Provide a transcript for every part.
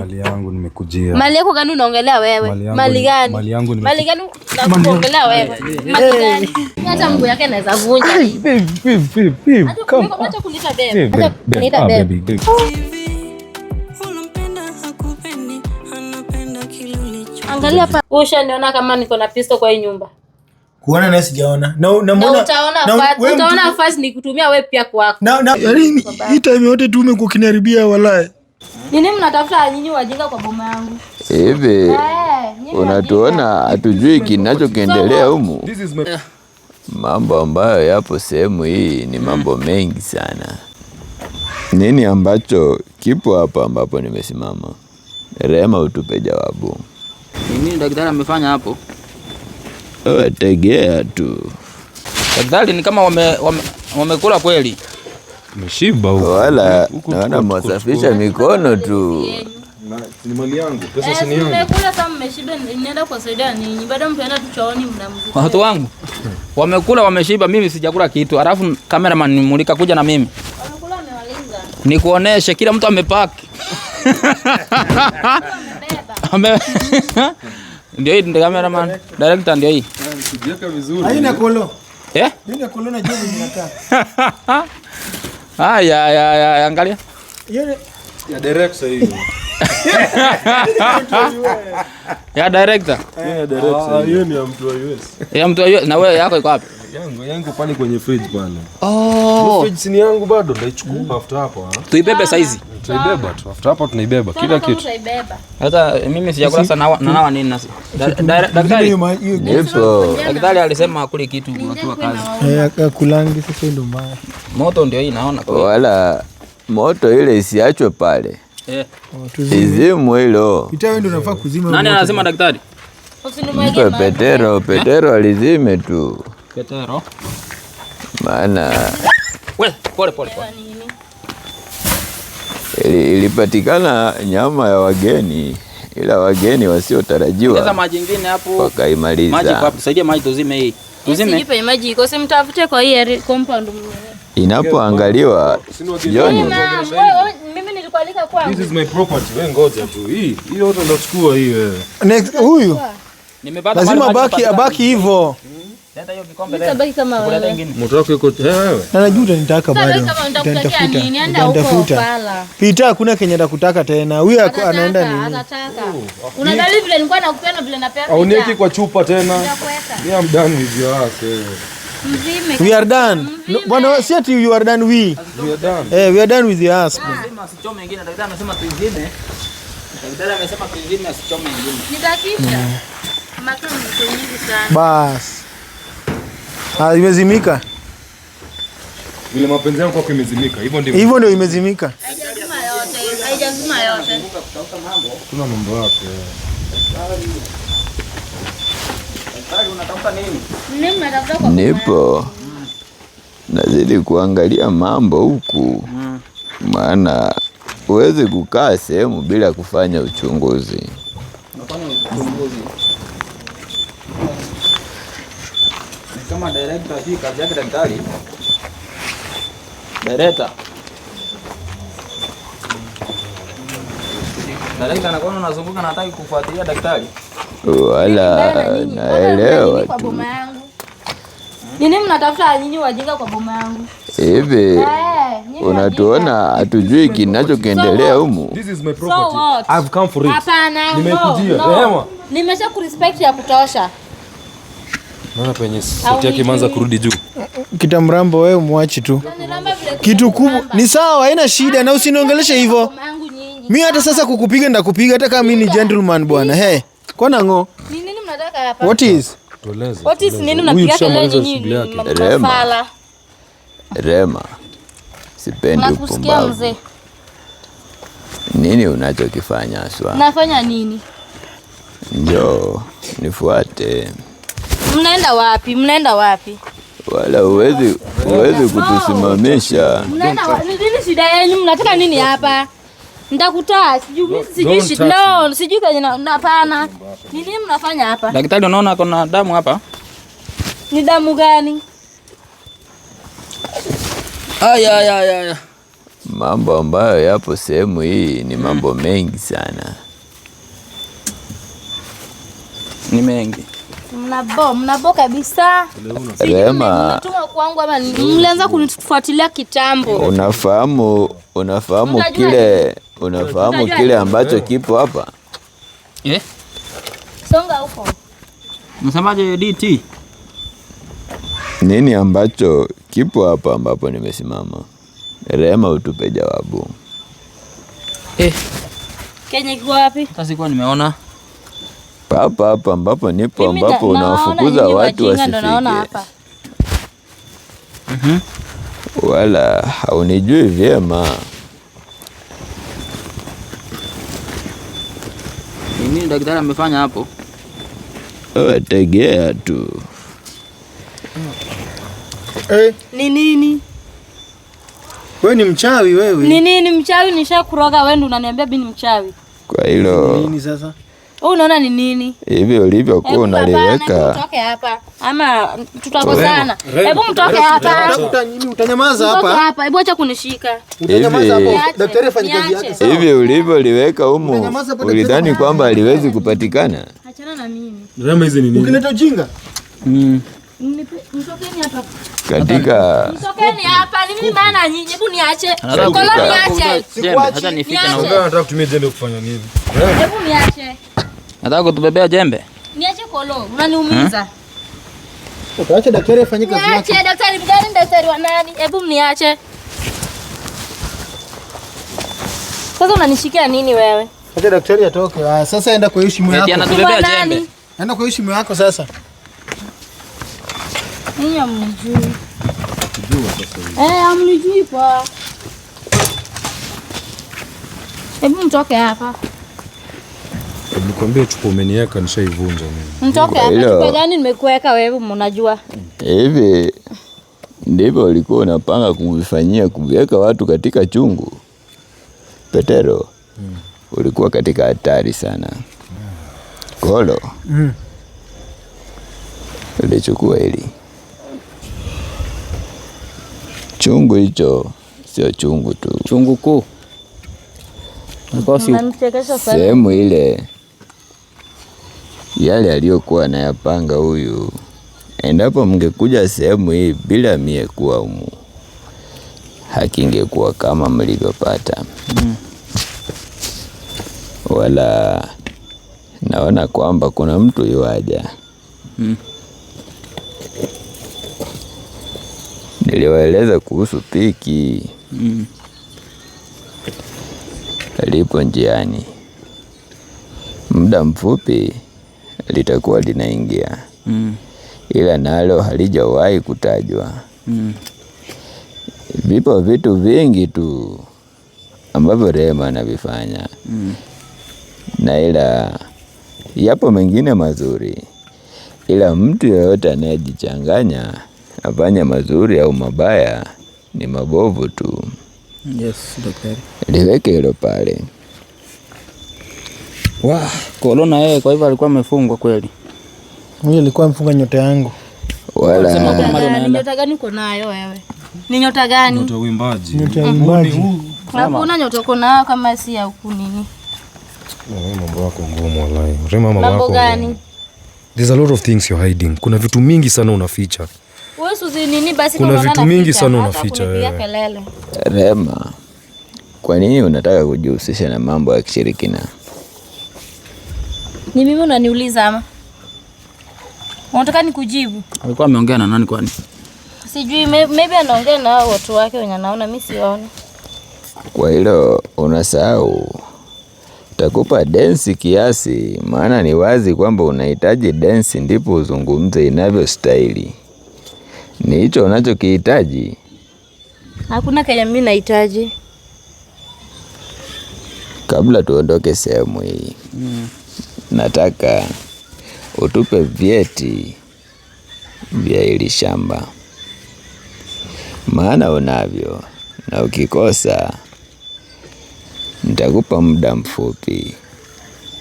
Mali yangu nimekujia. Mali yako gani unaongelea wewe? Mali gani? Mali yangu wewe? Mali gani? Hata mguu yake anaweza vunja. Acha Acha Angalia hapa. Usha niona kama niko na pisto kwa hii nyumba. Kuona sijaona. Na utaona nikutumia wewe pia kwako. Na yaani, hii time yote tu umekuwa ukiniharibia nini mnatafuta nyinyi wajinga kwa boma yangu? Hivi eh, unatuona hatujui kinachokiendelea humu? Eh. Mambo ambayo yapo sehemu hii ni mambo mengi sana. Nini ambacho kipo hapa ambapo nimesimama? Rehema, utupe jawabu. Nini daktari amefanya hapo? Tegea tu daktari, ni kama wamekula wame kweli Meshiba huko. Wala naona mwasafisha mikono tu. Ni mali yangu, pesa eh, si yangu. Mmekula kama mmeshiba, kuwasaidia ninyi. tu chooni mnamzika. Watu wangu wamekula wameshiba, mimi sijakula kitu. Alafu cameraman nimulika kuja na mimi. Wamekula wamewalinga. Nikuoneshe kila mtu amepaki. ndio hii ndio cameraman. Director ndio hii. vizuri. Haina kolo. Eh? Haina kolo na jibu ninataka. Haya, ah, ya haya, angalia. Yale ya direct sasa hivi ya director ah, hiyo ni ya mtu wa US. Ya mtu wa US. Na wewe yako iko wapi? Yangu yangu pale kwenye fridge pale. Oh. Fridge si yangu bado mm. after hapo. Ah. Tuibebe ah. saizi. Tutaibeba tu. After hapo tunaibeba kila kitu. Hata mimi sijakula sana na nawa nini nasi. Daktari. Daktari alisema akule kitu akiwa kazi. Eh, kulangi sasa ndio mbaya. Moto ndio hii naona. Wala moto ile isiachwe pale. Izimu eh, eh, hilo. Nani anasema daktari? Mpe Petero, Petero alizime tu. Petero. Maana we, pole pole pole. Ilipatikana nyama ya wageni ila wageni wasiotarajiwa wakaimaliza. Inapoangaliwa Joni kualika kwangu. This is my property. Wewe ngoja tu. Hii hii yote unachukua hii wewe. Next huyu. Nimepata lazima abaki abaki hivyo. Pita hmm? kuna kenye ndakutaka tena. Huyu anaenda nini? Anataka. Oh, vile kwa chupa tena. Ni amdani done We are done. No, bwana si ati you are done we. We are done. Eh, we are done with your ah. ass. Anasema anasema mm. ni sana. Bas. Ah, imezimika. Vile mapenzi imezimika. Hivyo ndivyo. Hivyo ndio imezimika. Haijazima yote. Haijazima yote. Kuna mambo Nipo nazidi kuangalia mambo huku, hmm. maana huwezi kukaa sehemu bila kufanya uchunguzi. Kama direkta kazi yake daktari, direkta direkta anakuwa anazunguka, anataka kufuatilia daktari wala naelewa tu nini mnatafuta nyinyi wajinga kwa boma yangu hivi? Eh, unatuona hatujui kinachokiendelea humu. Nimesha kurespect ya kutosha. Naona penye sauti yake imeanza kurudi juu. Kitamrambo wewe mwachi tu yaani kitu kubwa ni sawa, haina shida na usiniongeleshe hivyo. Mimi hata sasa kukupiga ndakupiga hata kama mimi ni gentleman bwana. Hey. Kona ngo? Ni nini mnataka hapa? What is? Tueleze. What is nini mnapiga kelele nyinyi? Rema. Rema. Sipendi upumbavu. Mzee. Nini unachokifanya aswa? Nafanya nini? Njoo, nifuate. Mnaenda wapi? Mnaenda wapi? Wala uwezi, uwezi kutusimamisha. Mnaenda wapi? Nini shida yenu? Mnataka nini hapa? Ndakutaa sijui sijui kenye hapana. Ni nini mnafanya hapa? Daktari, unaona kuna damu hapa. Ni damu gani? Aya, aya, aya. Mambo ambayo yapo sehemu hii ni mambo hmm, mengi sana, ni mengi Mnabo mnabo kabisa. Rema, mlianza kunifuatilia kitambo. Unafahamu, unafahamu kile Unafahamu kile ambacho eh. kipo hapa eh? Songa huko. Msemaje DT? Nini ambacho kipo hapa ambapo nimesimama? Rehema, utupe jawabu eh. Kenya iko wapi? Sasa nimeona hapa hapa ambapo nipo ambapo unawafukuza watu wasifike mhm. wala haunijui vyema. gani daktari amefanya hapo? Oh, tegea tu. Eh, ni nini? Wewe ni mchawi wewe. Ni nini mchawi? Nishakuroga wewe, ndo unaniambia bi ni mchawi. Kwa hilo. Nini sasa? Unaona ni nini? ulivyo ulivyokuwa unaliweka. Tutoke hapa. Ama tutakosana. Hebu mtoke hapa. Utanyamaza hapa. Hapa. Hebu acha kunishika. Daktari fanya kazi yake sawa. Hivi liweka humu ulidhani kwamba aliwezi kupatikana? Achana na mimi. Drama hizi ni nini? Ukileta ujinga. Mm. Mtokeni hapa. Katika mtokeni hapa, ni mimi maana nyinyi, hebu niache. Koloni niache. Hata nifike na unataka kutumia jembe kufanya nini? Hebu niache. Nataka kutubebea jembe. Niache kolo, unaniumiza. Hmm? Utaache daktari afanye kazi yake. Niache daktari mgani, daktari wa nani? Hebu mniache. Sasa unanishikia nini wewe? Acha daktari atoke. Ah, sasa enda kwa heshima yako. Anatubebea jembe. Enda kwa heshima yako sasa. Ninyi hamnijui. Eh, amnijui kwa. Hebu mtoke hapa. Nikwambie chupa umeniweka nishaivunja mimi. Mtoke hapa. Chupa gani nimekuweka wewe unajua? Hivi ndivyo walikuwa unapanga kumvifanyia kuviweka watu katika chungu. Petero. Mm. Ulikuwa katika hatari sana. Kolo. Mm. Ulichukua hili. Chungu hicho sio chungu tu. Chungu kuu. Sehemu ile yale aliyokuwa anayapanga huyu. Endapo mngekuja sehemu hii bila mie kuwa umu, hakingekuwa kama mlivyopata. mm. Wala naona kwamba kuna mtu yuaja. mm. Niliwaeleza kuhusu piki mm. lipo njiani, muda mfupi litakuwa linaingia mm. ila nalo halijawahi kutajwa mm. Vipo vitu vingi tu ambavyo rehema anavifanya mm. na ila yapo mengine mazuri, ila mtu yoyote anayejichanganya afanya mazuri au mabaya ni mabovu tu. Yes, liweke hilo pale wa corona yeye, eh, kwa hivyo alikuwa amefungwa kweli. Huyo alikuwa amefunga nyota yangu. Wala. Ni Nyota gani uko nayo wewe? Ni nyota gani? Nyota uimbaji. Nyota mm-hmm. uimbaji. Na kuna nyota uko nayo kama si ya huku nini. Wewe mambo yako ngumu wallahi. Rema mambo yako. Mambo gani? There's a lot of things you're hiding. Kuna vitu mingi sana unaficha. Wewe Suzi nini basi kuna vitu mingi sana unaficha wewe. Rema. Kwa nini unataka kujihusisha na mambo ya kishirikina? Ni mimi unaniuliza ama? Unataka nikujibu? Alikuwa ameongea na nani kwani? Sijui, maybe anaongea na watu wake wenye anaona, mimi sioni. Kwa hilo unasahau, takupa densi kiasi, maana ni wazi kwamba unahitaji densi ndipo uzungumze inavyostahili. Ni hicho unachokihitaji? Hakuna kenye mimi nahitaji. Kabla tuondoke sehemu hii mm. Nataka utupe vyeti vya hili shamba, maana unavyo, na ukikosa nitakupa muda mfupi.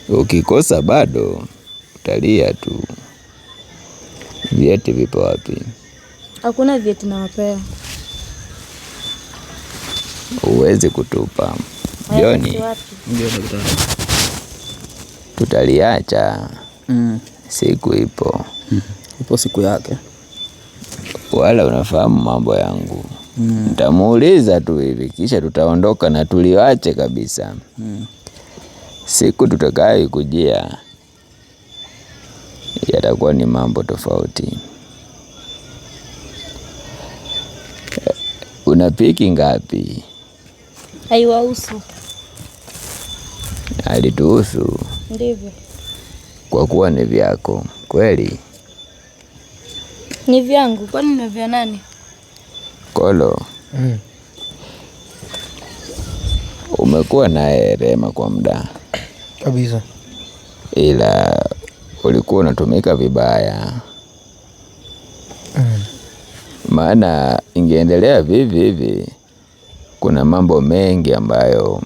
Ukikosa bado utalia tu. Vyeti vipo wapi? Hakuna vyeti nawapea, Uwezi kutupa Joni tutaliacha mm. Siku ipo mm. Ipo siku yake, wala unafahamu mambo yangu mm. ntamuuliza tu hivi kisha tutaondoka na tuliwache kabisa mm. Siku tutakayo kujia yatakuwa ni mambo tofauti. Una piki ngapi? Haiwahusu, alituhusu Ndivyo. Kwa kuwa ni vyako kweli? Ni vyangu, kwani ni vya nani? Kolo. Mm. Umekuwa naye Rema kwa muda kabisa, ila ulikuwa unatumika vibaya. Mm. Maana ingeendelea vivi hivi, kuna mambo mengi ambayo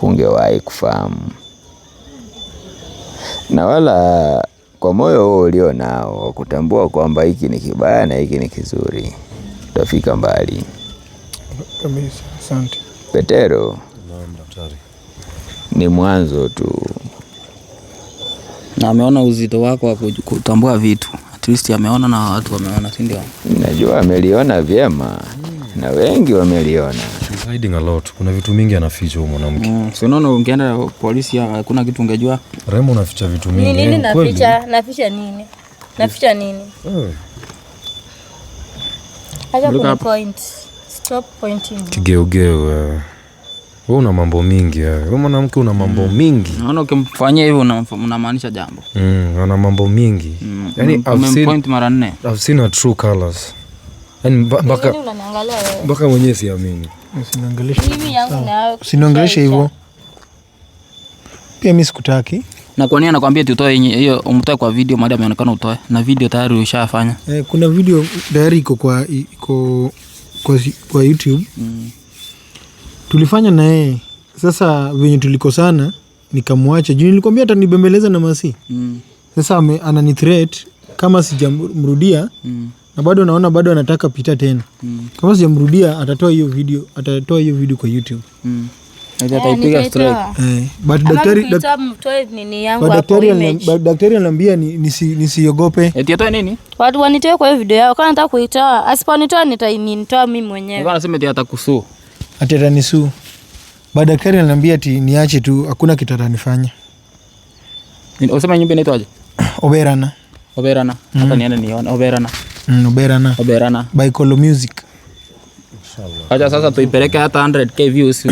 hungewahi kufahamu na wala kwa moyo huo ulio nao kutambua kwamba hiki ni kibaya na hiki ni kizuri, utafika mbali kabisa. Asante. Petero ni mwanzo tu, na ameona uzito wako wa kutambua vitu, at least ameona na watu wameona, si ndio? Najua ameliona vyema na wengi wameliona. She's hiding a lot. Kuna vitu mingi anaficha huyu mwanamke. Mm, si unaona ungeenda polisi ah, hakuna kitu ungejua. Remo unaficha vitu mingi. Nini nini eh, naficha? Naficha nini? Naficha nini? Eh. Acha kuna point. Stop pointing. Kigeugeu eh. wewe. una mambo mingi wewe. mwanamke una mambo mm. mingi. Naona ukimfanyia hivyo unamaanisha jambo. Mm, ana mambo mingi. Mm, yaani I've seen mara nne. I've seen her true colors. Yaani mpaka mpaka mwenyewe siamini, usiniongeleshe hivyo. Pia mi sikutaki. Na kwa nini anakuambia tutoe hiyo, umtoe kwa video? mada ameonekana utoe na video tayari ushafanya. Eh, kuna video tayari iko kwa iko kwa, kwa YouTube mm. Tulifanya na yeye sasa, venye tulikosana nikamwacha juu nilikwambia atanibembeleza na masi mm. Sasa ame, anani threat kama sijamrudia mm. na bado naona bado anataka pita tena mm. kama sijamrudia atatoa hiyo video, atatoa hiyo video kwa YouTube mm. Eh, eh, daktari anaambia nisiogope, watu wanitoe kwa hiyo video yao. Kama nataka kuitoa, asiponitoa nitoa mimi mwenyewe. ba, daktari ananiambia ati niache tu, hakuna kitu atanifanya. Oberana Oberana. Mm. Hata niende nione Oberana. Mm, Oberana. Oberana. By colo Music. Acha sasa tuipeleke hata 100k views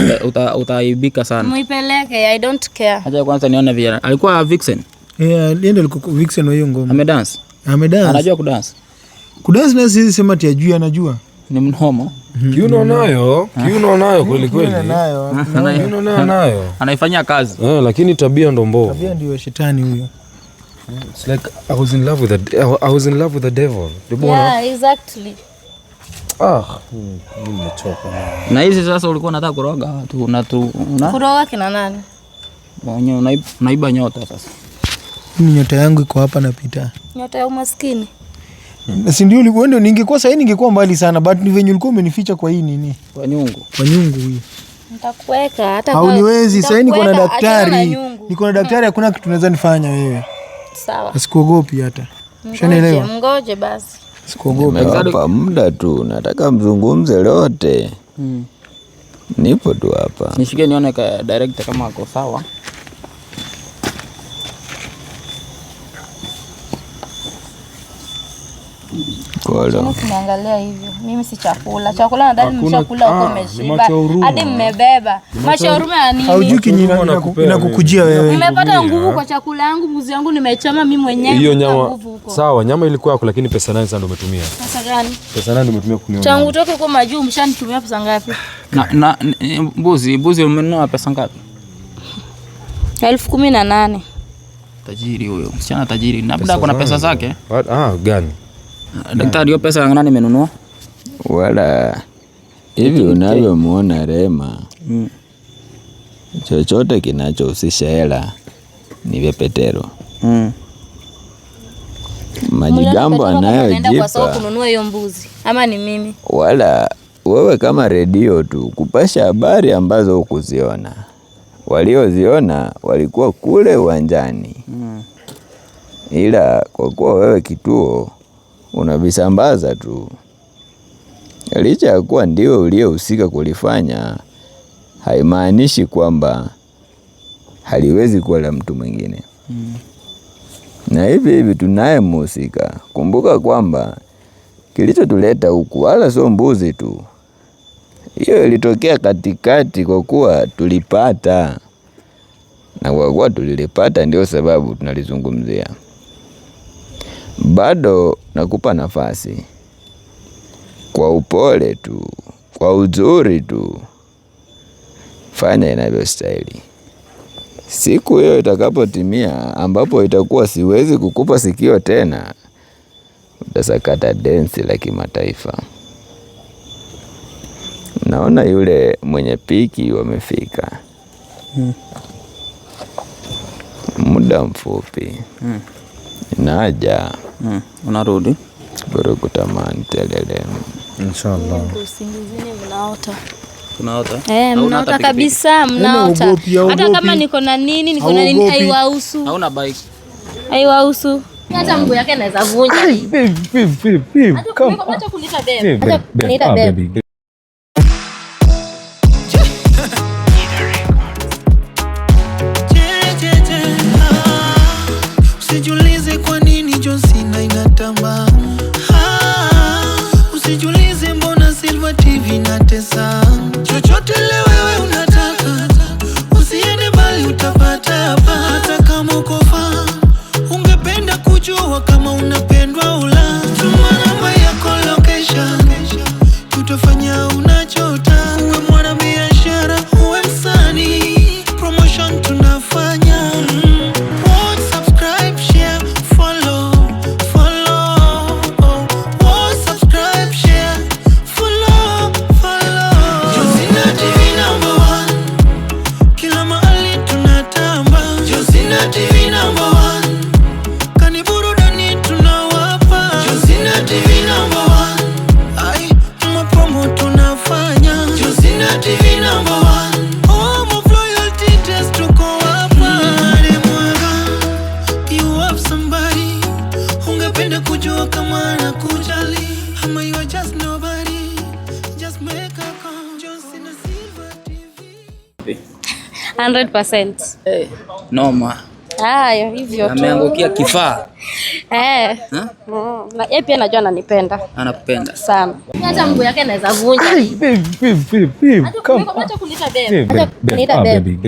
utaibika sana. Muipeleke, I don't care. Acha kwanza nione vile. Alikuwa Vixen. Yeah, yeye ndio alikuwa Vixen wa hiyo ngoma. Ame dance. Ame dance. Anajua ku dance. Ku dance na sisi sema ti ajui anajua. Ni mnomo. Mm-hmm. Kiuno nayo, kiuno nayo kweli kweli. Kiuno nayo. Anaifanyia kazi. Eh, lakini tabia ndio mbovu. Tabia ndio shetani huyo. It's like I was in love with the I was in love with the devil. Yeah, exactly. Ah, hmm, nimechoka. Na hizi sasa ulikuwa unataka kuroga watu tu una kuroga kina nani? Mwenye unaiba nyota sasa. Mimi nyota yangu iko hapa napita. Nyota ya umaskini. Na si ndio ulikuwa ndio ningekuwa sasa ningekuwa mbali sana but ni venye ulikuwa umenificha kwa hii nini? Kwa nyungu. Kwa nyungu hii. Nitakuweka hata kwa. Hauniwezi sasa niko na daktari. Niko na daktari hakuna kitu naweza nifanya wewe sawa, sikuogopi hata. Ushanielewa? Mngoje basi, sikuogopi. Nimewapa muda tu, nataka mzungumze lote. Mm. Nipo tu hapa nishike nione director kama ako sawa. Tunaangalia hivyo. Mimi si chakula chakula, nadhani mshakula huko, ah, mmeshiba hadi mmebeba. Macho huruma ya nini? Haujui kinyi inakukujia wewe. Nimepata nguvu kwa chakula yangu, mbuzi yangu nimechoma mimi mwenyewe. Hiyo nyama sawa, nyama ilikuwa yako, lakini pesa nani sasa ndio umetumia? Pesa gani? Pesa nani umetumia kununua? Tangu toke huko majuu mshanitumia pesa ngapi? Na na mbuzi mbuzi umenunua pesa ngapi? elfu kumi na nane. Tajiri huyo msichana tajiri, labda kuna pesa zake. Ah, gani? Daktari, hiyo pesa yangana nimenunua wala hivi unavyomwona Rema mm. chochote kinachohusisha hela ni Petero mm. majigambo anayojipa kununua hiyo mbuzi ama ni mimi wala wewe kama redio tu kupasha habari ambazo hukuziona, walioziona walikuwa kule uwanjani mm. ila kwa kuwa wewe kituo unavisambaza tu, licha ya kuwa ndiwe uliyehusika kulifanya. Haimaanishi kwamba haliwezi kuwa la mtu mwingine mm. Na hivi hivi tunaye mhusika. Kumbuka kwamba kilichotuleta huku wala sio mbuzi tu, hiyo ilitokea katikati, kwa kuwa tulipata, na kwa kuwa tulilipata, ndio sababu tunalizungumzia bado nakupa nafasi, kwa upole tu, kwa uzuri tu, fanya inavyostahili. Siku hiyo itakapotimia, ambapo itakuwa siwezi kukupa sikio tena, utasakata densi la kimataifa. Naona yule mwenye piki wamefika, hmm. Muda mfupi, hmm. Naja. Mm, unarudi burugutamani telele, inshallah usingizini mnaota Mnaota? Eh, mnaota kabisa, yaani mnaota. Hata kama niko na nini, niko na nini haiwahusu. Hauna bike. Haiwahusu. Hata mguu yake anaweza vunja. Babe, babe, babe. Come. Acha kuniita babe. Acha kuniita babe. 100%. Eh, noma. Hayo hivyo tu. Ameangukia kifaa. Eh. Ha? Na yeye pia anajua ananipenda. Anakupenda sana. Hata mguu yake anaweza vunja. Pip pip pip baby. Come. Acha kunita babe. Acha kunita babe.